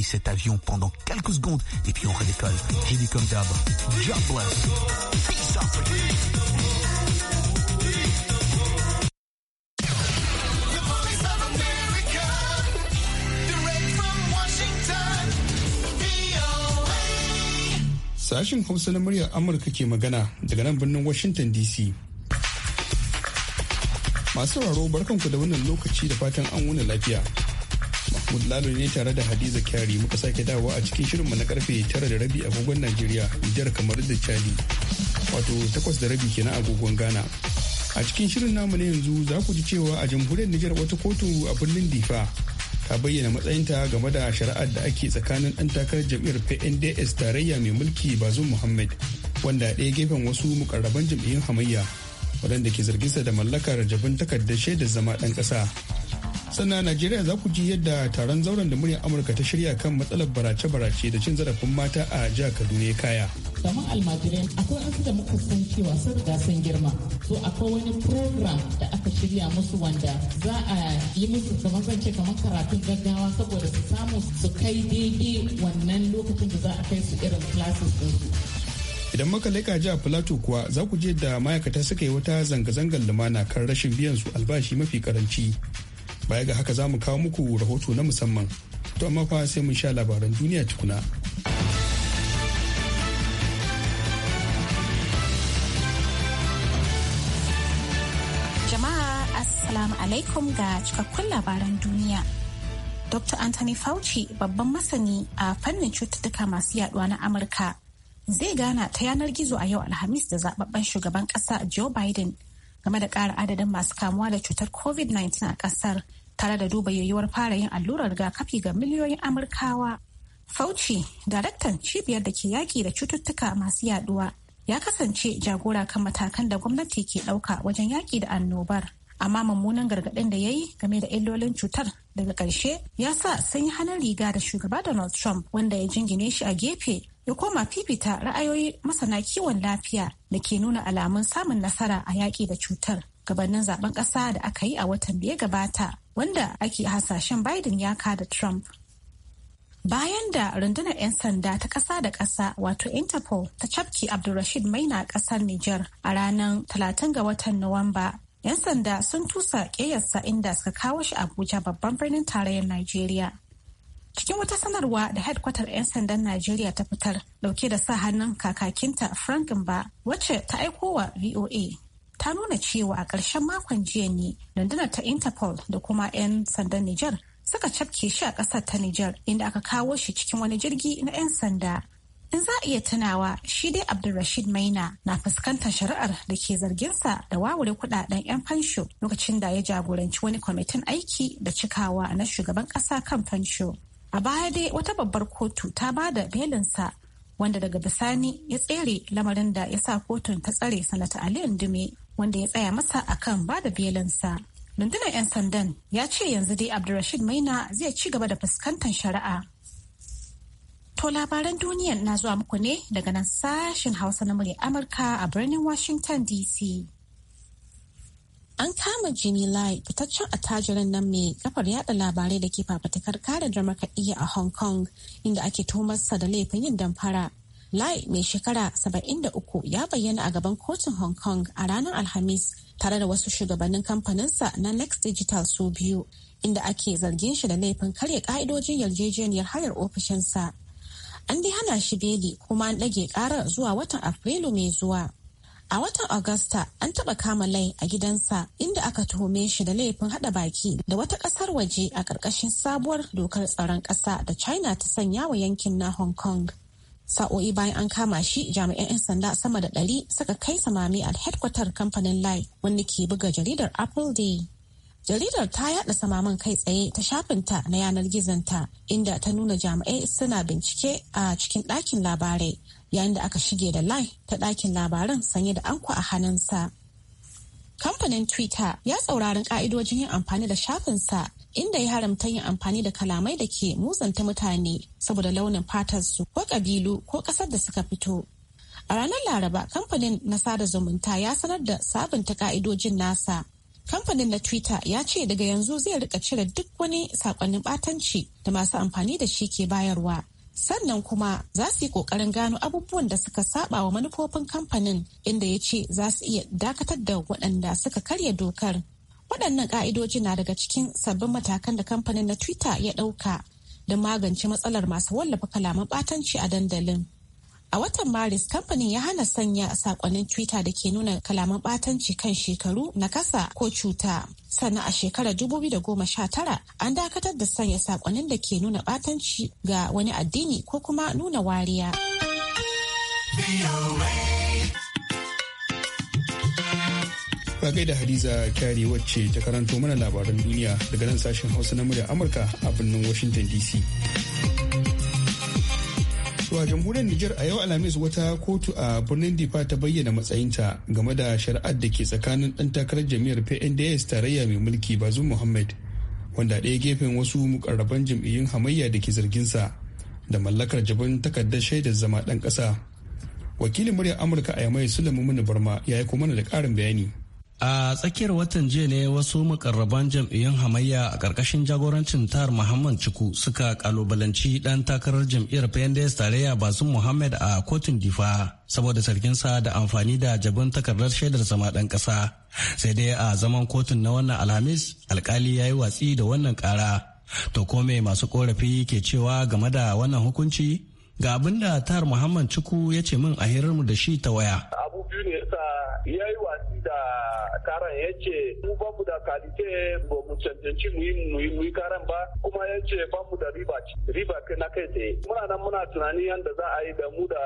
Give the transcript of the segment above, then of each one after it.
cet avion pendant quelques secondes et puis on redécolle. J'ai dit comme d'hab, Peace out. magana Washington DC. barkanku da wannan lokaci da fatan an Mahmud ne tare da Hadiza Kyari muka sake dawowa a cikin shirinmu na karfe tara da rabi agogon Najeriya, Nijar kamar da Chadi. Wato takwas da rabi kenan agogon Ghana. A cikin shirin namu na yanzu za ku ji cewa a jamhuriyar Nijar wata kotu a birnin Difa ta bayyana matsayinta game da shari'ar da ake tsakanin ɗan takarar jam'iyyar PNDS tarayya mai mulki Bazum Muhammad wanda ɗaya gefen wasu mukarraban jam'iyyun hamayya waɗanda ke zarginsa da mallakar jabin takardar shaidar zama ɗan ƙasa. sannan najeriya za ku ji yadda taron zauren da muryar amurka ta shirya kan matsalar barace-barace da cin zarafin mata a jihar kaduna ya kaya kamar almajirai akwai wasu da muka san cewa sun riga sun girma to akwai wani program da aka shirya musu wanda za a yi musu kamar zance kamar karatun gaggawa saboda su samu su kai daidai wannan lokacin da za a kai su irin classes idan muka leka jihar plateau kuwa za ku je da ma'aikata suka yi wata zanga-zangar lumana kan rashin biyan su albashi mafi karanci baya ga haka za mu kawo muku rahoto na musamman to amma fa sai mun sha labaran duniya tukuna jama'a assalamu alaikum ga cikakkun labaran duniya dr anthony fauci babban masani a fannin cututtuka masu yaduwa na amurka zai gana ta yanar gizo a yau alhamis da zababben shugaban kasa joe biden game da ƙara adadin masu kamuwa da cutar covid-19 a ƙasar tare da duba yiwuwar fara yin allurar rigakafi ga miliyoyin amurkawa fauci daraktan cibiyar da ke yaƙi da cututtuka masu yaduwa ya kasance jagora kan matakan da gwamnati ke ɗauka wajen yaƙi da annobar amma mummunan gargaɗin da ya yi game da illolin cutar daga ƙarshe ya sa sun yi hannun riga da shugaba donald trump wanda ya jingine shi a gefe ya koma fifita ra'ayoyi masana kiwon lafiya da ke nuna alamun samun nasara a yaƙi da cutar gabanin zaben ƙasa da aka yi a watan da ya gabata wanda ake hasashen biden ya da trump bayan da rundunar 'yan sanda ta ƙasa da ƙasa wato interpol ta cafke abdulrashid maina a ƙasar nijar a ranar 30 ga watan nuwamba 'Yan sanda sun tusa ƙeyarsa inda suka kawo shi Abuja babban birnin tarayyar Najeriya. Cikin wata sanarwa da hedkwatar 'yan sandan Najeriya ta fitar dauke da sa hannun kakakinta Frank ba wacce ta aiko wa VOA ta nuna cewa a ƙarshen makon jiya ne dandana ta Interpol da kuma 'yan sandan Niger suka cafke shi a ƙasar ta Niger inda aka kawo shi cikin wani jirgi na 'yan sanda In za a iya tunawa shi dai Abdulrashid Maina na fuskantar shari'ar da ke zarginsa da wawure kudaden 'yan fansho lokacin da ya jagoranci wani kwamitin aiki da cikawa na shugaban ƙasa kan fansho. A baya dai wata babbar kotu ta ba da belinsa wanda daga bisani ya tsere lamarin da ya sa kotun ta tsare sanata Ali Ndume wanda ya tsaya masa akan ba da belinsa. Rundunar 'yan sandan ya ce yanzu dai Abdulrashid Maina zai ci gaba da fuskantar shari'a To labaran duniyar na zuwa muku ne daga nan sashen Hausa na murya Amurka a birnin Washington DC. An kama Jimmy Lai fitaccen attajirin nan mai kafar yada labarai da ke fafatakar kare makaɗiya a Hong Kong inda ake tumarsa da laifin yin damfara. Lai mai shekara 73 ya bayyana a gaban kotun Hong Kong a ranar Alhamis tare da wasu shugabannin kamfaninsa na Next Digital su biyu inda ake zargin shi da laifin karya ka'idojin yarjejeniyar hayar ofishinsa an dai hana shi beli kuma an ɗage ƙarar zuwa watan afrilu mai zuwa a watan agusta an taɓa kama lai a gidansa inda aka tuhume shi da laifin haɗa baki da wata ƙasar waje a ƙarƙashin sabuwar dokar tsaron ƙasa da china ta sanya wa yankin na hong kong sa'o'i bayan an kama shi jami'an 'yan sanda sama da ɗari suka kai samami a hedkwatar kamfanin lai wanda ke buga jaridar apple day jaridar ta yada samaman kai tsaye ta shafinta na yanar gizonta inda ta nuna jami'ai suna bincike a cikin ɗakin labarai yayin da aka shige da lai ta ɗakin labaran sanye da anko a hannunsa kamfanin twitter ya tsauraran ka'idojin yin amfani da shafinsa inda ya haramta yin amfani da kalamai da ke muzanta mutane saboda launin su ko ƙabilu ko ƙasar da suka fito A ranar Laraba, kamfanin na sada zumunta ya sanar da sabunta ka'idojin nasa Kamfanin na Twitter ya ce daga yanzu zai rika cire duk wani sakonnin batanci da masu amfani da shi ke bayarwa. Sannan kuma za su yi kokarin gano abubuwan da suka saba wa manufofin kamfanin inda ya ce za su iya dakatar da waɗanda suka karya dokar. Waɗannan ƙa'idoji na daga cikin sabbin matakan da kamfanin na Twitter ya ɗauka don magance matsalar masu wallafa kalaman batanci a dandalin. A watan Maris, kamfanin ya hana sanya sakonnin Twitter da ke nuna kalaman ɓatanci kan shekaru, na kasa ko cuta. Sannan a shekarar 2019 an dakatar da sanya sakonnin da ke nuna batanci ga wani addini ko kuma nuna wariya. Bagai da Hadiza Kyari wacce ta karanto mana labaran duniya daga nan sashen Hausa na murya Amurka a birnin Washington DC. a jamhuriyar Nijar a yau Alhamis wata kotu a birnin Difa ta bayyana matsayinta game da shari'ar da ke tsakanin ɗan takarar jami'ar PNDS tarayya mai mulki Bazum Muhammad wanda ɗaya gefen wasu mukarraban jam'iyyun hamayya da ke zarginsa da mallakar jabin takardar shaidar zama ɗan ƙasa. Wakilin muryar Amurka a Yamai Sulaiman Barma ya yi kuma da ƙarin bayani. a tsakiyar watan jiya ne wasu makarraban jam'iyyun hamayya a ƙarƙashin jagorancin tahar muhammad ciku suka kalubalanci ɗan takarar jam'iyyar pnds tarayya basun muhammad a kotun difa saboda sarkin sa da amfani da jabin takardar shaidar sama ɗan ƙasa sai dai a zaman kotun na wannan alhamis alkali ya yi watsi da wannan ƙara to kome masu korafi ke cewa game da wannan hukunci ga abinda da tahar muhammad ciku ya ce min a hirarmu da shi ta waya ce mu ba mu da kalite ba mu cancanci mu yi mu yi karan ba kuma ya ce ba mu da riba riba na kai tsaye muna nan muna tunani yadda za a yi da mu da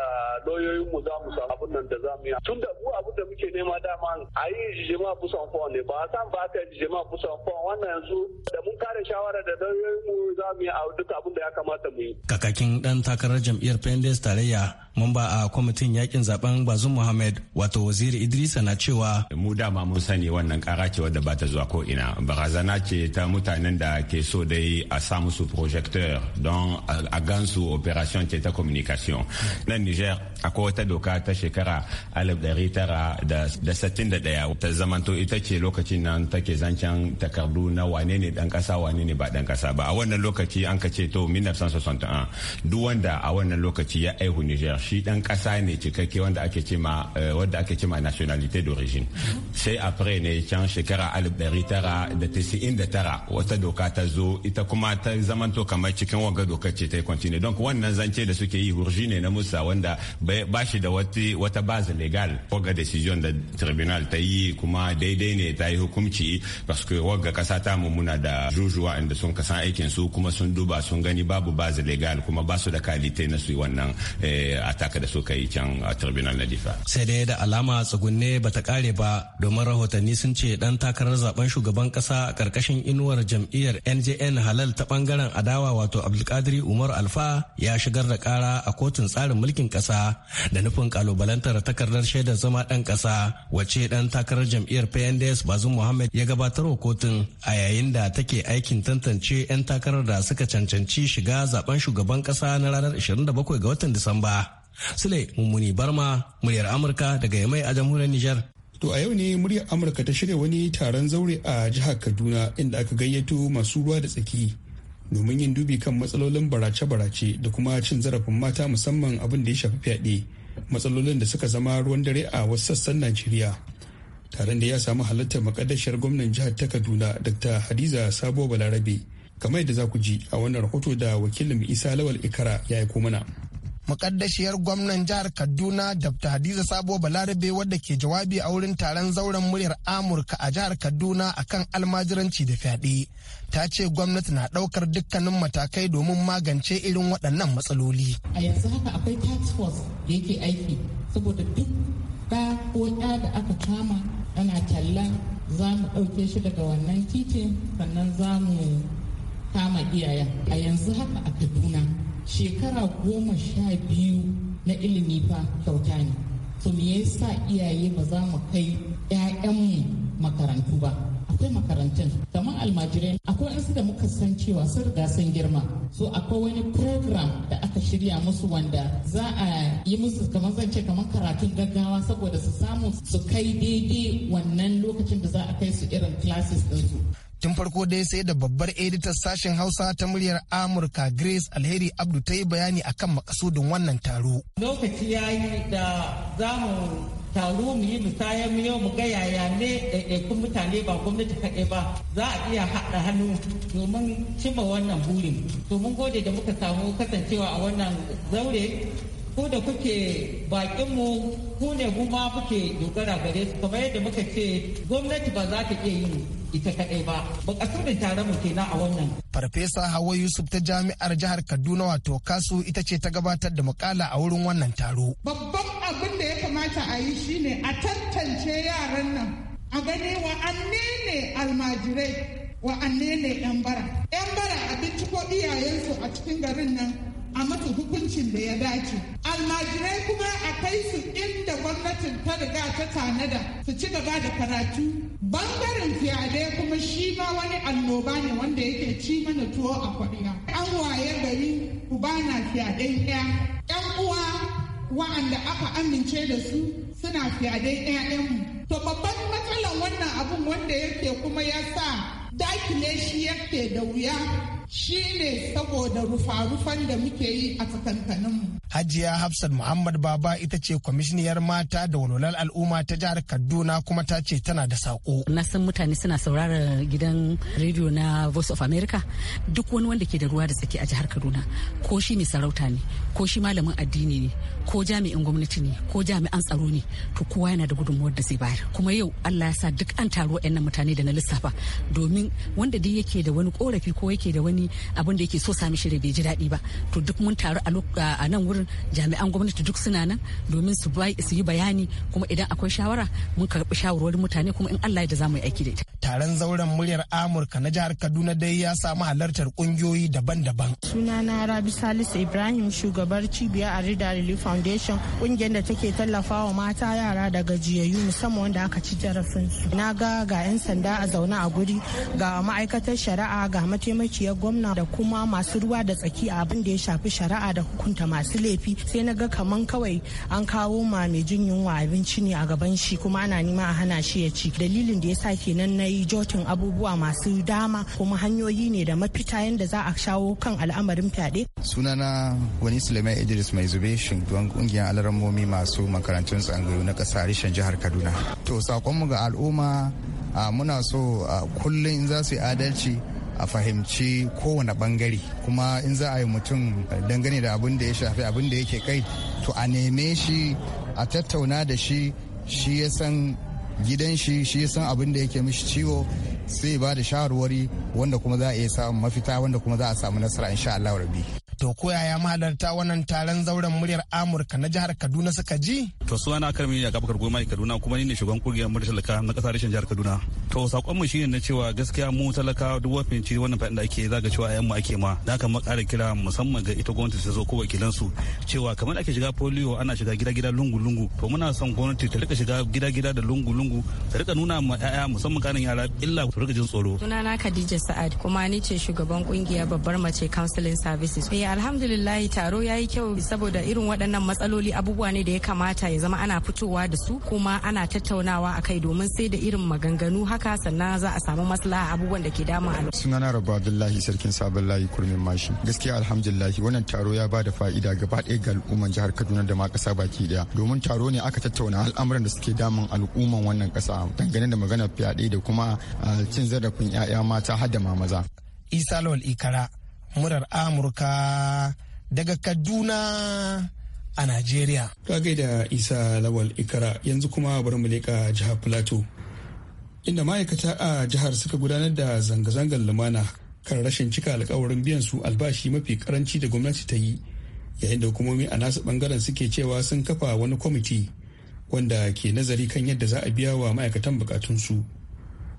lauyoyin mu za mu samu abin nan da za mu yi tun da mu abin da muke nema dama a yi jijima busan fon ne ba san ba ka jijima busan fon wannan yanzu da mun kare shawara da lauyoyin mu za mu yi a duk abin da ya kamata mu yi kakakin dan takarar jam'iyyar pendes tarayya mamba a kwamitin yakin zaben bazum muhammad wato waziri idrisa na cewa mu dama mun sani wannan kara ce wadda ba ta zuwa ko ina barazana ce ta mutanen da ke so dai a sa musu projecteur don a gansu operation ce ta communication nan niger akwai wata doka ta shekara 1961 ta zamanto ita ce lokacin nan take zancen takardu na wane ne dan kasa wane ne ba dan kasa ba a wannan lokaci an ka ce to 1961 duk wanda a wannan lokaci ya aihu niger shi dan kasa ne cikakke wanda ake ce ma eh, wanda ake ce ma nationalité d'origine sai après ne can shekara tara wata doka ta zo ita kuma ta zamanto kamar cikin wanga dokar ce ta continue donc wannan zance da suke yi hurji ne na musa wanda ba shi da wata base legal wagga decision da tribunal ta yi kuma daidai ne ta yi hukumci parce que kasa ta mummuna da jujuwa inda sun kasan aikin su kuma sun duba sun gani babu base legal kuma ba su da kalite na su wannan a eh, taka da suka yi can a tribunal na difa sai dai da alama tsugunne ta kare ba domin rahotanni sun ce dan takarar zaben shugaban kasa a karkashin inuwar jam'iyyar njn halal ta bangaren adawa wato abdulkadiri umar alfa ya shigar da kara a kotun tsarin mulkin kasa da nufin kalubalantar takardar shaidar zama dan kasa wacce dan takarar jam'iyyar pnds bazum muhammad ya gabatar wa kotun a yayin da take aikin tantance 'yan takarar da suka cancanci shiga zaben shugaban kasa na ranar 27 ga watan Disamba. Sule Mummuni Barma, muryar Amurka daga Yamai a jamhuriyar Nijar. To a yau ne muryar Amurka ta shirya wani taron zaure a jihar Kaduna inda aka gayyato masu ruwa da tsaki domin yin dubi kan matsalolin barace-barace da kuma cin zarafin mata musamman abin da ya shafi fyaɗe matsalolin da suka zama ruwan dare a wasu sassan Najeriya. Taron da ya samu halartar makaddashiyar gwamnan jihar ta Kaduna Dr. Hadiza Sabo Balarabe kamar yadda za ku ji a wannan rahoto da wakilin Isa Lawal Ikara ya aiko mana. mukaddashiyar gwamnan jihar kaduna dr hadiza sabo balarabe wadda ke jawabi a wurin taron zauren muryar amurka a jihar kaduna akan almajiranci da fyaɗe ta ce gwamnati na ɗaukar dukkanin matakai domin magance irin waɗannan matsaloli a yanzu haka akwai task force da yake aiki saboda duk ɗa ko ɗa da aka kama ana talla za mu ɗauke shi daga wannan titin sannan za mu kama iyayen a yanzu haka a kaduna shekara goma sha biyu na ilimi fa kyauta ne to me yasa iyaye ba za mu kai ƴaƴanmu makarantu ba akwai makarantun kamar almajirai akwai wasu da muka san cewa sun riga sun girma so akwai wani program da aka shirya musu wanda za a yi musu kamar zan ce kamar karatun gaggawa saboda su samu su kai daidai wannan lokacin da za a kai su irin classes ɗinsu tun farko dai sai da babbar editar sashen hausa ta muryar amurka grace alheri abdu ta yi bayani akan makasudin wannan taro lokaci ya yi da za mu taro mu yi musayar mu yau mu ga yaya ne ɗaiɗaikun mutane ba gwamnati kaɗai ba za a iya haɗa hannu domin cimma wannan burin domin gode da muka samu kasancewa a wannan zaure ku da kuke bakinmu ku ne kuma kuke dogara gare su kamar yadda muka ce gwamnati ba za ta iya yi ita kaɗai ba bakasurin taron mu kenan a wannan. Farfesa Hawa Yusuf ta jami'ar jihar Kaduna wato kasu ita ce ta gabatar da mukala a wurin wannan taro. Babban abin da ya kamata a yi shine a tantance yaran nan a gani an ne almajirai wa an ne 'yan bara. 'Yan bara a binciko iyayensu a cikin garin nan a masa hukuncin da ya dace almajirai kuma a kai su inda gwamnatin ta riga ta tanada su ci gaba da karatu bangaren fiyade kuma shi ma wani annoba ne wanda yake ci mana tuwo a kwariya an waye gari ku bana fiyade ɗaya. yan uwa wa'anda aka amince da su suna fiyaden 'ya'yanmu to babban matsalan wannan abun wanda yake kuma ya sa dakile shi yake da wuya shi ne saboda rufa-rufan da muke yi a tsakankaninmu. Hajiya Hafsat Muhammad Baba ita ce kwamishiniyar mata da walwalar al'umma ta jihar Kaduna kuma ta ce tana da saƙo. Na san mutane suna saurara gidan rediyo na Voice of America duk wani wanda ke da ruwa da tsaki a jihar Kaduna ko shi mai sarauta ne ko shi malamin addini ne ko jami'in gwamnati ne ko jami'an tsaro ne to kowa yana da gudunmuwar da zai bayar kuma yau Allah ya sa duk an taro 'yan mutane da na lissafa domin wanda dai yake da wani korafi ko yake da wani gani abin da yake so sami shirya bai ji daɗi ba to duk mun taru a nan wurin jami'an gwamnati duk suna nan domin su yi bayani kuma idan akwai shawara mun karɓi shawarwarin mutane kuma in Allah ya da za mu yi aiki da ita. Taron zauren muryar Amurka na jihar Kaduna dai ya samu halartar kungiyoyi daban-daban. Sunana Rabi Salisu Ibrahim shugabar cibiyar Arida Relief Foundation kungiyar da take tallafawa mata yara da gajiyayyu musamman wanda aka ci jarafin su. Na ga ga 'yan sanda a zaune a guri ga ma'aikatar shari'a ga mataimakiyar gwamna da kuma masu ruwa da tsaki a abin da ya shafi shari'a da hukunta masu laifi sai na ga kaman kawai an kawo ma mai jin yunwa abinci ne a gaban shi kuma ana nima a hana shi ya ci dalilin da ya sa kenan na yi jotin abubuwa masu dama kuma hanyoyi ne da mafita yadda za a shawo kan al'amarin fyaɗe. sunana wani sulaiman idris mai zube shugaban kungiyar alarammomi masu makarantun tsangayu na ƙasa reshen jihar kaduna to sakonmu ga al'umma muna so kullum in za su yi adalci a fahimci kowane bangare kuma in za a yi mutum dangane da abin da ya shafi abin da yake kai to a neme shi a tattauna da shi shi ya san gidan shi shi ya san abin da yake mishi ciwo sai ba da shawarwari wanda kuma za a iya samun mafita wanda kuma za a samu nasara insha Allah rabi. To ko yaya mahalarta wannan taron zauren muryar Amurka na jihar Kaduna suka ji? To suna miya da gabakar goma Kaduna kuma ni ne shugaban kungiyar muryar talaka na kasar rashin jihar Kaduna. To sakon mu shine na cewa gaskiya mu talaka duk wafin ci wannan fadin da ake zaga cewa ayyan mu ake ma. Da haka mu ƙara kira musamman ga ita gwamnati ta zo ko wakilan su cewa kamar ake shiga polio ana shiga gida-gida lungu-lungu. To muna son gwamnati ta rika shiga gida-gida da lungu-lungu ta rika nuna ma 'ya'ya musamman kanin yara illa ta rika jin tsoro. Sunana Khadija Sa'ad kuma ni ce shugaban kungiyar babbar mace counseling services. alhamdulillah taro ya yi kyau saboda irin waɗannan matsaloli abubuwa ne da ya kamata ya zama ana fitowa da su kuma ana tattaunawa a kai domin sai da irin maganganu haka sannan za a samu maslaha abubuwan da ke dama a sunana rabu abdullahi sarkin sabon layi kurmin mashi gaskiya alhamdulillah wannan taro ya ba da fa'ida gaba ɗaya ga al'umman jihar kaduna da ma ƙasa baki ɗaya domin taro ne aka tattauna al'amuran da suke damun al'umman wannan ƙasa dangane da maganar fyaɗe da kuma ah, cin zarafin 'ya'ya mata har da ma maza. isa lawal ikara murar Amurka daga Kaduna a Najeriya. ta gaida Isa Lawal Ikara yanzu kuma bari mu leƙa jihar Plateau. Inda ma'aikata a jihar suka gudanar da zanga-zangar lumana kan rashin cika alkawarin biyan su albashi mafi karanci da gwamnati ta yi yayin da hukumomi a nasu bangaren suke cewa sun kafa wani kwamiti wanda ke nazari kan yadda za a biya wa ma'aikatan bukatunsu.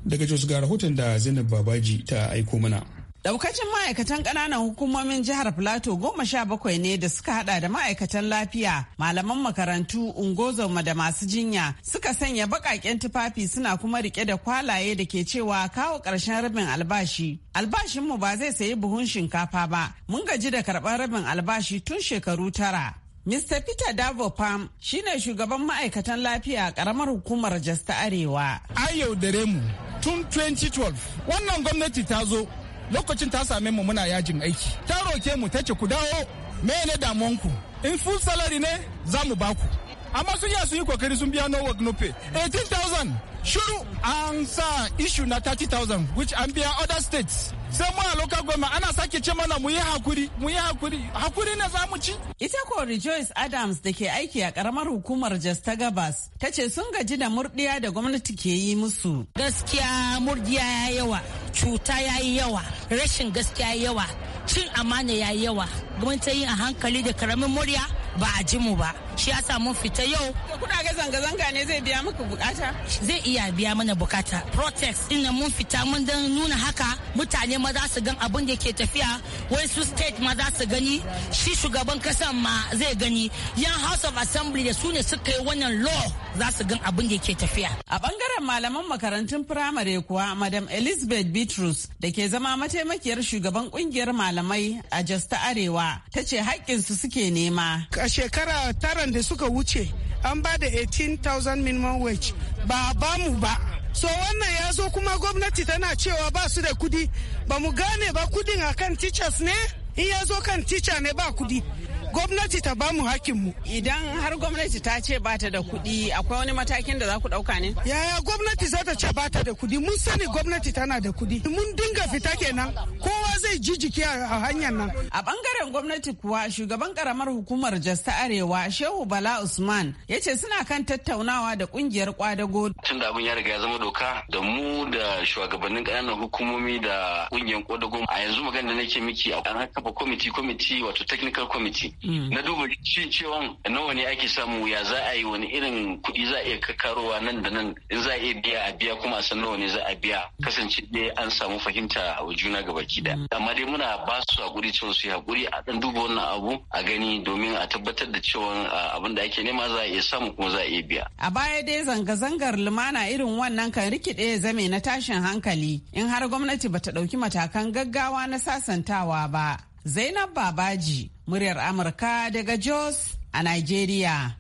Daga Jos ga rahoton da Zainab Babaji ta aiko mana. Daukacin ma'aikatan ƙananan hukumomin jihar Filato goma sha bakwai ne da suka hada da ma'aikatan lafiya, malaman makarantu, ungozoma da masu jinya suka sanya baƙaƙen tufafi suna kuma rike da kwalaye da ke cewa kawo ƙarshen rabin albashi. Albashinmu ba zai sayi buhun shinkafa ba, mun gaji da karɓar rabin albashi tun shekaru tara. Mr. Peter Davo Pam shi ne shugaban ma'aikatan lafiya a ƙaramar hukumar Jasta Arewa. A yaudare mu tun 2012, wannan gwamnati ta zo lokacin ta same mu muna yajin aiki ta roke mu ta ce ku dawo me ne damuwanku in full salary ne za mu baku amma sun yi sun yi kokari sun biya no work no pay 18000 shuru an sa issue na 30000 which an biya other states sai mu a local government ana sake ce mana mu yi hakuri mu yi hakuri hakuri na za mu ci ita ko rejoice adams da ke aiki a karamar hukumar jos ta gabas ta ce sun gaji da murdiya da gwamnati ke yi musu gaskiya murdiya ya yawa cuta ya yi yawa rashin gaskiya ya yawa cin amana ya yi yawa gwamnati yin a hankali da karamin murya ba a ji mu ba shi ya samu fita yau kuna ga zanga-zanga ne zai biya muku bukata zai iya biya mana bukata protest din mun fita mun dan nuna haka mutane ma za su gan abin da ke tafiya wai su state ma za su gani shi shugaban kasan ma zai gani yan house of assembly da su ne suka yi wannan law za su gan abin da ke tafiya a bangaren malaman makarantun firamare kuwa madam elizabeth bitrus da ke zama mataimakiyar shugaban kungiyar malamai a jos ta arewa ta ce haƙƙinsu suke nema a shekara tara da suka wuce an ba da 18,000 minimum wage ba a bamu ba so wannan ya zo kuma gwamnati tana cewa ba su da kudi ba mu gane ba kudin kan teachers ne in ya zo kan teacher ne ba kudi gwamnati ta bamu mu. Idan har gwamnati ta ce ba da kuɗi akwai wani matakin da za ku ɗauka ne? Yaya gwamnati za ta ce bata da kuɗi mun sani gwamnati tana da kuɗi mun dinga fita kenan kowa zai ji jiki a hanyar nan. A bangaren gwamnati kuwa shugaban karamar hukumar Jos ta Arewa Shehu Bala Usman ya ce suna kan tattaunawa da kungiyar kwadago. Tun da abin ya riga ya zama doka da mu da shugabannin ƙananan hukumomi da kungiyar kwadago a yanzu magana da nake miki an kafa kwamiti kwamiti wato technical committee Mm. na duba shin cewa nawa ne ake samu ya za a yi wani irin kuɗi za a iya kakarowa nan da nan in za a iya biya a biya kuma a san nawa ne za a biya kasance dai an samu fahimta a juna gaba da mm. amma dai muna ba su hakuri cewa su yi hakuri a dan duba wannan abu a gani domin a tabbatar da cewa abin da ake nema za a iya samu kuma za a iya biya a baya dai zanga-zangar lumana irin wannan kan rikide zame na tashin hankali in har gwamnati bata ɗauki matakan gaggawa na sasantawa ba zainab babaji muryar Amurka daga Jos a Nigeria.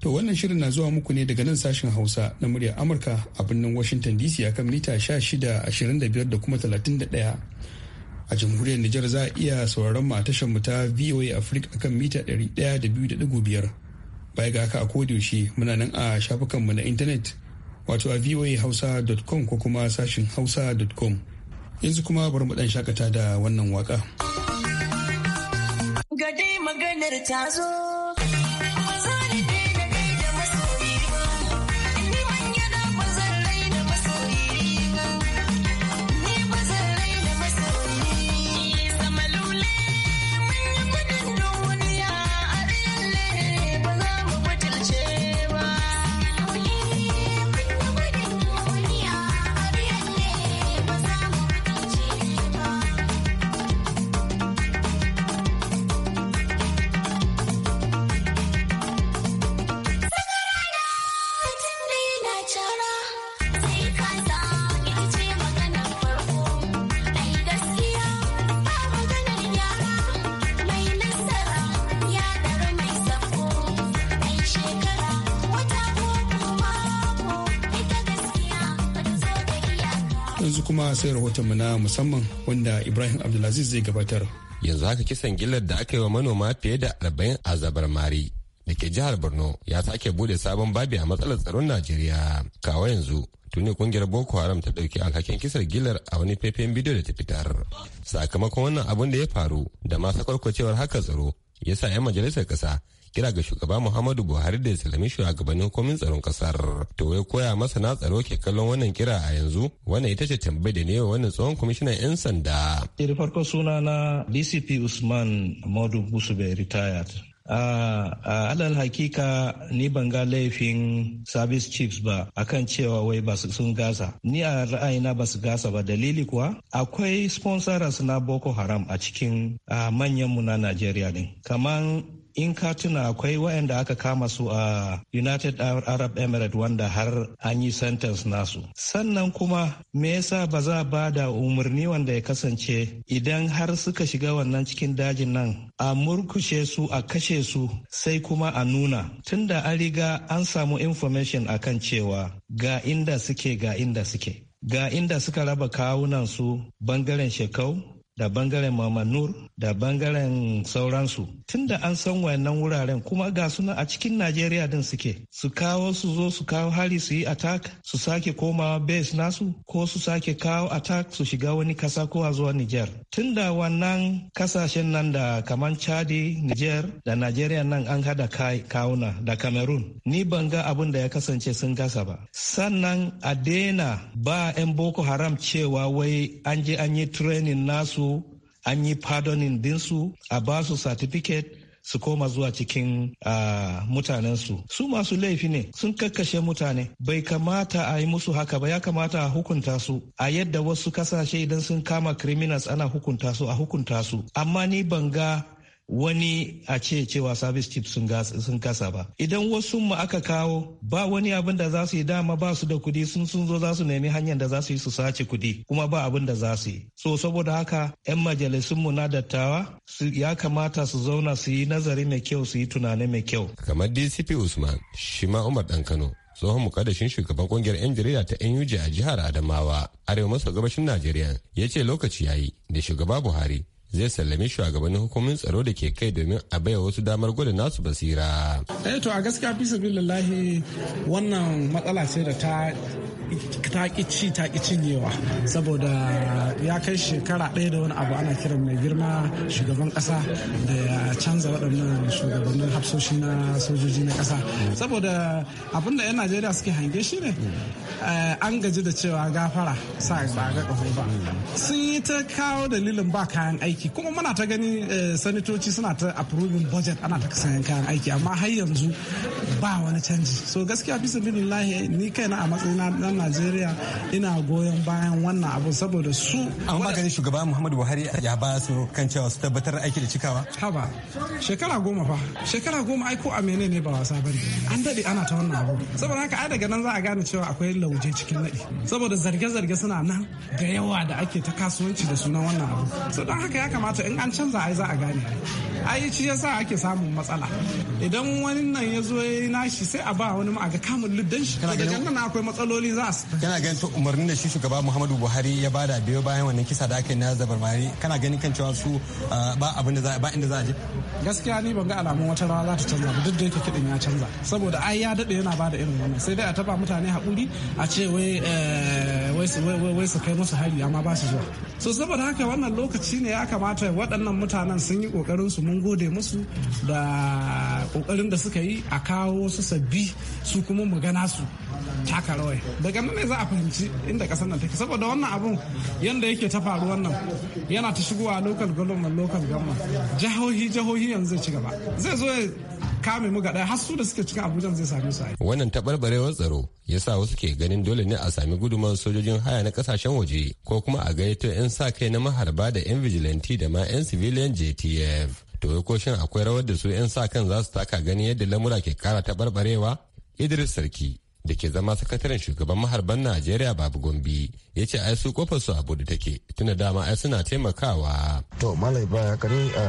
To wannan shirin na zuwa muku ne daga nan sashen Hausa na muryar Amurka a birnin Washington DC akan mita 1625 da kuma 31. A jamhuriyar Nijar za a iya sauraron mu a tashar mu ta VOA Africa akan mita 102.5. Baya ga haka a kodiyoshi muna nan a mu na intanet wato a voahausa.com ko kuma sashin hausa.com. Yanzu kuma bari mu dan shakata da wannan waka. dai maganar ta zo. sai rahotonmu na musamman wanda Ibrahim Abdulaziz zai gabatar. Yanzu haka kisan gillar da aka yi wa manoma fiye da arba'in a zabar mari da ke jihar Borno ya sake bude sabon babi a matsalar tsaron Najeriya. Kawo yanzu tuni kungiyar Boko Haram ta ɗauki alhakin kisar gillar a wani faifayen bidiyo da ta fitar. Sakamakon wannan abun da ya faru da masu kwarkwacewar haka tsaro ya sa 'yan majalisar ƙasa kira ga shugaba muhammadu buhari da islami shugabannin hukumin tsaron kasar to ya koya masana tsaro ke kallon wannan kira a yanzu wannan ita ce tambayar da ne wa wannan tsohon kwamishinan yan sanda. Eh, da farko suna na dcp usman modu busube retired ritaya a alal hakika ni ban ga laifin service chiefs ba akan cewa wai ba sun gasa ni a ra'ayina ba su gasa ba dalili kuwa akwai sponsors na boko haram a cikin manyanmu na najeriya ne kaman in ka tuna akwai waɗanda aka kama su a united arab emirates wanda har an yi sentence nasu sannan kuma me yasa ba za a ba da umarni wanda ya kasance idan har suka shiga wannan cikin dajin nan a murkushe su a kashe su sai kuma a nuna tunda an riga an samu information akan cewa ga inda suke ga inda suke ga inda suka raba kawunan su bangaren shekau da bangaren Muhammad Nur da bangaren sauransu. Tunda an san wayannan wuraren kuma ga suna a cikin Najeriya din suke. Su kawo su zo su kawo hari su yi attack su sake komawa base nasu ko su sake kawo attack su shiga wani kasa ko zuwa Niger. Tunda wannan kasashen nan da kaman Chadi, Niger da Najeriya nan an hada kawuna da Cameroon. Ni ban ga abin da ya kasance sun gasa ba. Sannan a daina ba 'yan Boko Haram cewa wai an je an yi training nasu an yi pardoning dinsu a ba su certificate su koma zuwa cikin mutanensu su masu laifi ne sun kakkashe mutane bai kamata a yi musu haka ba ya kamata a hukunta su a yadda wasu kasashe idan sun kama criminals ana hukunta su a hukunta su amma ni ban ga wani a ce cewa service chief sun kasa ba idan wasu mu aka kawo ba wani abin da za su yi dama ba su da kudi sun sun zo za su nemi hanyar da za su yi su sace kudi kuma ba abin da za su yi so saboda haka 'yan majalisun mu na dattawa ya kamata su zauna su yi nazari mai kyau su yi tunani mai kyau kamar dcp usman shima umar dan kano tsohon mukaddashin shugaban kungiyar 'yan jarida ta nuj a jihar adamawa arewa maso gabashin najeriya ya ce lokaci yayi da shugaba buhari zai sallame shugabannin hukumin tsaro da ke kai domin a baiwa wasu damar gwada nasu basira. Eh to a gaskiya fi sabilillahi wannan matsala ce da ta takici takicin saboda ya kai shekara ɗaya da wani abu ana kiran mai girma shugaban ƙasa da ya canza waɗannan shugabannin hafsoshi na sojoji na ƙasa saboda abin da 'yan najeriya suke hange shi ne eh, an gaji da cewa gafara sa ba ga ƙaho ba sun yi ta kawo dalilin ba kayan aiki aiki kuma muna ta gani eh, sanatoci suna ta approving budget ana ta kasayen kayan aiki amma har yanzu ba wani canji so gaskiya bisa lahi ni kaina a matsayina na Najeriya ina goyon bayan wannan abu saboda su amma magani shugaba Muhammadu Buhari ya ba su kan cewa su tabbatar aiki da cikawa haba shekara goma fa shekara goma aiko a menene ba wasa bane an dade ana ta wannan abu saboda haka ai daga nan za a gane cewa akwai lauje cikin naɗi saboda zarge-zarge suna nan da yawa da ake ta kasuwanci da sunan wannan abu so don haka ya kamata in an canza ai za a gane ai ci yasa ake samun matsala idan wani nan ya zo ya nashi sai a ba wani ma a ga kamun luddan shi daga nan akwai matsaloli za su kana ganin to umarnin da shi shugaba Muhammadu Buhari ya bada biyo bayan wannan kisa da aka yi na zabarmari kana ganin kan cewa su ba abin da za ba inda za a je gaskiya ni ban ga alamun wata rawa za ta canza ba duk da yake kidin ya canza saboda ai ya dade yana bada irin wannan sai dai a taba mutane hakuri a ce eh, wai wai su kai musu hari amma ba su zuwa so saboda haka wannan lokaci ne ya kamata waɗannan mutanen sun yi ƙoƙarin su mun gode musu da ƙoƙarin da suka yi a kawo su sabbi su kuma mu gana su taka rawai daga nan ne za a fahimci inda ƙasar nan take saboda wannan abun yanda yake ta faru wannan yana ta shigowa local government local government jihohi jihohi yanzu zai ci gaba zai zo kame mu ɗaya har su da suke cikin abuja zai same su wannan taɓarɓarewar tsaro ya sa wasu ke ganin dole ne a sami gudumar sojojin haya na kasashen waje ko kuma a gayyato 'yan sa kai na maharba da 'yan vigilante gwamnati da ma 'yan civilian jtf to koshin akwai rawar da su 'yan sa kan za su taka gani yadda lamura ke kara taɓarɓarewa idris sarki da ke zama sakataren shugaban maharban najeriya babu gombi ya ce ai su kofar su abu da take tuna dama ai suna taimakawa to malai ya kare a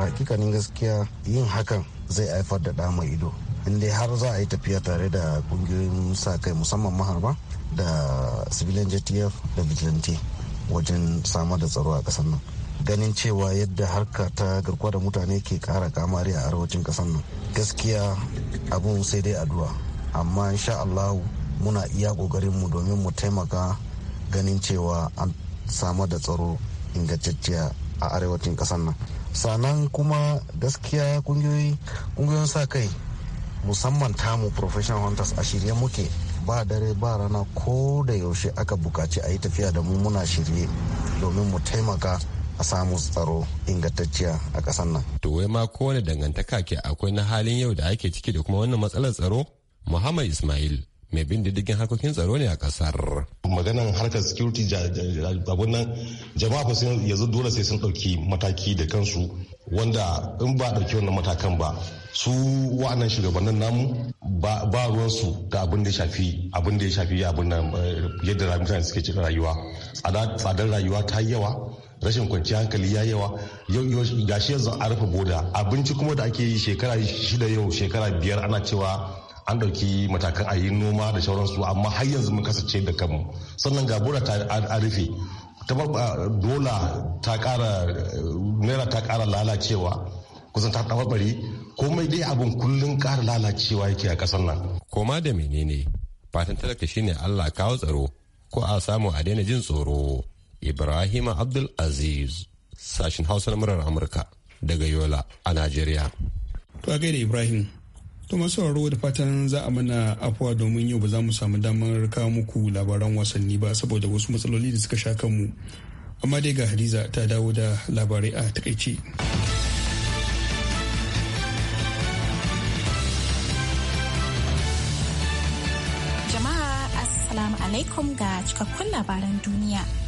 hakikanin gaskiya yin hakan zai haifar da dama ido inda har za a yi tafiya tare da kungiyoyin sa kai musamman maharba da civilian jtf da vigilante wajen samar da tsaro a kasar nan ganin cewa yadda harka ta garkuwa da mutane ke kara kamari a arewacin kasan nan gaskiya abun sai dai addu'a amma insha allahu muna iya mu domin mu taimaka ganin cewa an samar da tsaro ingantacciya a arewacin kasar nan sannan kuma gaskiya kungiyoyin sa kai musamman tamu professional hunters a shirye muke ba dare ba rana ko da yaushe aka bukaci a yi tafiya da mu muna shirye domin mu taimaka a samu tsaro ingantacciya a ƙasar nan. To wai ma kowane dangantaka ke akwai na halin yau da ake ciki da kuma wannan matsalar tsaro? Muhammad Ismail mai bin diddigin harkokin tsaro ne a kasar. maganan harkar security abun nan jama'a fa sun yanzu dole sai sun ɗauki mataki da kansu wanda in ba ɗauki wannan matakan ba su wa'annan shugabannin namu ba ruwansu ga abin da ya shafi abin da ya shafi abin nan eh, yadda mutane suke cikin rayuwa tsadar rayuwa ta yawa rashin kwanciyar hankali ya yawa gashi yanzu a rufe boda abinci kuma da ake yi shekara shida yau shekara biyar ana cewa an ɗauki matakan ayi noma da sauransu amma har yanzu mun kasance da kanmu sannan ga boda ta rufe ah, dola ta ƙara naira ta ƙara lalacewa kusan ta tabarbare komai dai abin kullum ƙara lalacewa yake a ƙasar nan. koma da menene fatan talaka shine allah kawo tsaro ko a samu a daina jin tsoro. Ibrahim Abdul Aziz, sashen Hausa na murar Amurka daga Yola a Najeriya. To a gaida Ibrahim, to masu sauraro da fatan za a mana afuwa domin yau ba za mu samu damar kawo muku labaran wasanni ba saboda wasu matsaloli da suka sha kanmu. Amma dai ga Hadiza ta dawo da labarai a takaice. Jama'a Assalamu alaikum ga cikakkun labaran duniya.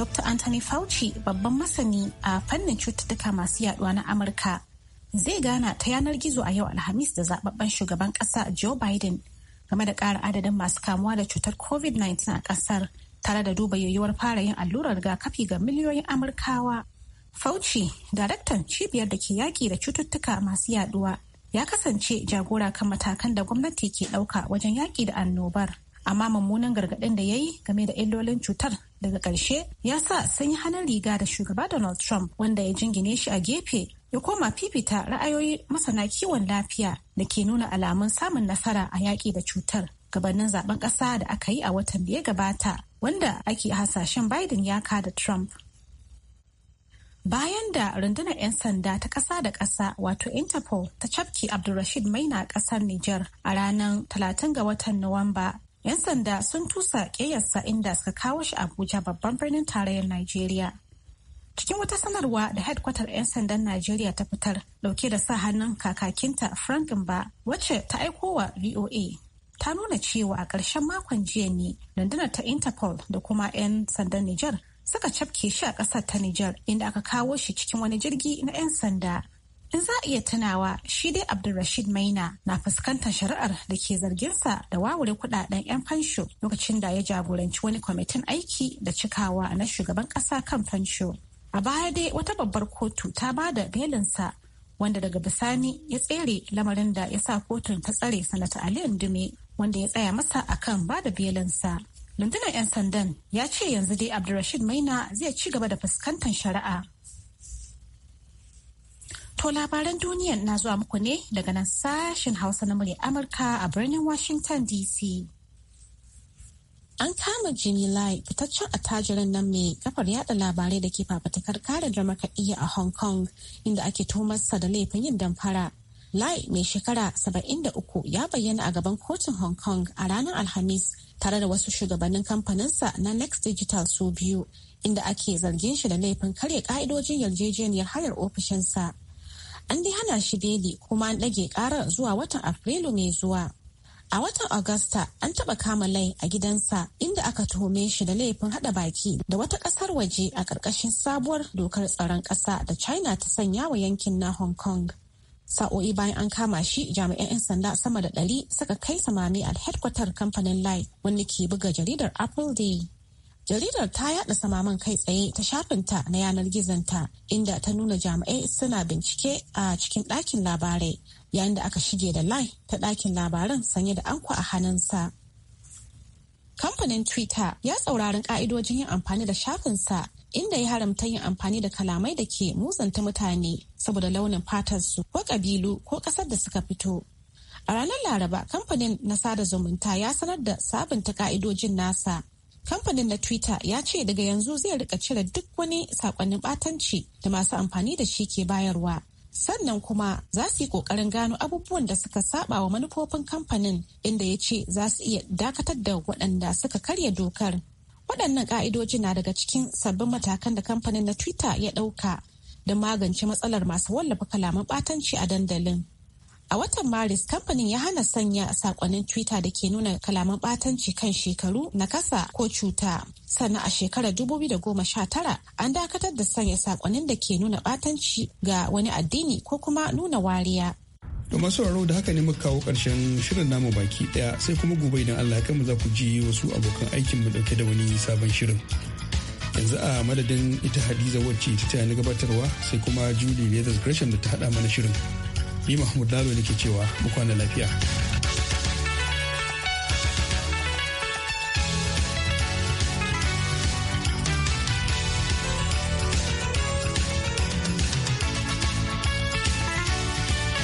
Dr. Anthony Fauci babban masani a fannin cututtuka masu yaduwa na Amurka zai gana ta yanar gizo a yau Alhamis da zababben shugaban kasa Joe Biden game da ƙara adadin masu kamuwa da cutar COVID-19 a ƙasar tare da duba yiwuwar fara yin allurar rigakafi ga miliyoyin Amurkawa. Fauci, daraktan cibiyar da ke yaƙi da cututtuka masu yaduwa, ya kasance jagora kan matakan da gwamnati ke ɗauka wajen yaƙi da annobar. Amma mummunan gargaɗin da ya yi game da illolin cutar daga ƙarshe ya sa sun yi hannun riga da shugaba donald trump wanda ya jingine shi a gefe ya koma fifita ra'ayoyi masana kiwon lafiya da ke nuna alamun samun nasara a yaƙi da cutar gabanin zaben ƙasa da aka yi a watan da ya gabata wanda ake hasashen biden ya ka da trump bayan da rundunar 'yan sanda ta ƙasa da ƙasa wato interpol ta cafke abdulrashid maina ƙasar niger a ranar 30 ga watan nuwamba 'Yan sanda sun tusa ƙeyarsa inda suka kawo shi Abuja babban birnin tarayyar Najeriya. Cikin wata sanarwa da hedkwatar 'yan sandan Najeriya ta fitar dauke da sa hannun kakakinta Frank Mba wacce ta aiko wa VOA ta nuna cewa a ƙarshen makon jiya ne rundunar ta Interpol da kuma 'yan sandan Nijar suka cafke shi a ƙasar ta Nijar inda aka kawo shi cikin wani jirgi na 'yan sanda In za a iya tunawa shi dai Abdulrashid Maina na fuskantar shari'ar da ke zarginsa da wawure kudaden 'yan fansho lokacin da ya jagoranci wani kwamitin aiki da cikawa na shugaban kasa kan fansho. A baya dai wata babbar kotu ta ba da belinsa wanda daga bisani ya tsere lamarin da ya sa kotun ta tsare sanata Ali Dume wanda ya tsaya masa akan ba da belinsa. Lundunar 'yan sandan ya ce yanzu dai Abdulrashid Maina zai ci gaba da fuskantar shari'a To labaran duniyan na zuwa muku ne daga nan sashen Hausa na murya Amurka a birnin Washington DC. An kama Jimmy Lai fitaccen attajirin nan mai kafar yada labarai da ke fafatakar kare makaɗiya a Hong Kong inda ake tuhumarsa da laifin yin damfara. Lai mai shekara 73 ya bayyana a gaban kotun Hong Kong a ranar Alhamis tare da wasu shugabannin kamfaninsa na Next Digital su biyu inda ake zargin shi da laifin karya ka'idojin yarjejeniyar hayar ofishinsa. an dai hana shi beli kuma an ɗage ƙarar zuwa watan afrilu mai zuwa a watan agusta an taɓa kama lai a gidansa inda aka tuhume shi da laifin haɗa baki da wata ƙasar waje a ƙarƙashin sabuwar dokar tsaron ƙasa da china ta sanya wa yankin na hong kong sa'o'i bayan an kama shi jami'an 'yan sanda sama da ɗari suka kai samami a hedkwatar kamfanin lai wanda ke buga jaridar apple day jaridar ta yada samaman kai tsaye ta shafin ta na yanar gizonta inda ta nuna jami'ai suna bincike a cikin ɗakin labarai yayin da aka shige da lai ta ɗakin labaran sanye da anko a hannunsa kamfanin twitter ya tsauraran ka'idojin yin amfani da shafinsa inda ya haramta yin amfani da kalamai da ke muzanta mutane saboda launin su ko ƙabilu ko ƙasar da suka fito A ranar Laraba, kamfanin na sada zumunta ya sanar da sabunta ka'idojin nasa Kamfanin na Twitter ya ce daga yanzu zai rika cire duk wani sakonnin batanci da masu amfani da shi ke bayarwa. Sannan kuma za su yi kokarin gano abubuwan da suka saba wa manufofin kamfanin inda ya ce za su iya dakatar da waɗanda suka karya dokar. Waɗannan ƙa'idoji na daga cikin sabbin matakan da kamfanin na Twitter ya ɗauka don magance matsalar masu wallafa kalaman batanci a dandalin. A watan Maris, kamfanin ya hana sanya sakonnin Twitter da ke nuna kalaman batanci kan shekaru, na kasa ko cuta. Sannan a shekarar 2019 an dakatar da sanya sakonnin da ke nuna batanci ga wani addini ko kuma nuna wariya. To masu sauraro da haka ne muka kawo karshen shirin namu baki daya sai kuma gobe idan Allah ya mu za ku ji wasu abokan aikin mu dauke da wani sabon shirin. yanzu a madadin ita hadiza wacce ta na gabatarwa sai kuma julie leathers gresham da ta hada mana shirin ni mahmud lalo nake cewa mu kwana lafiya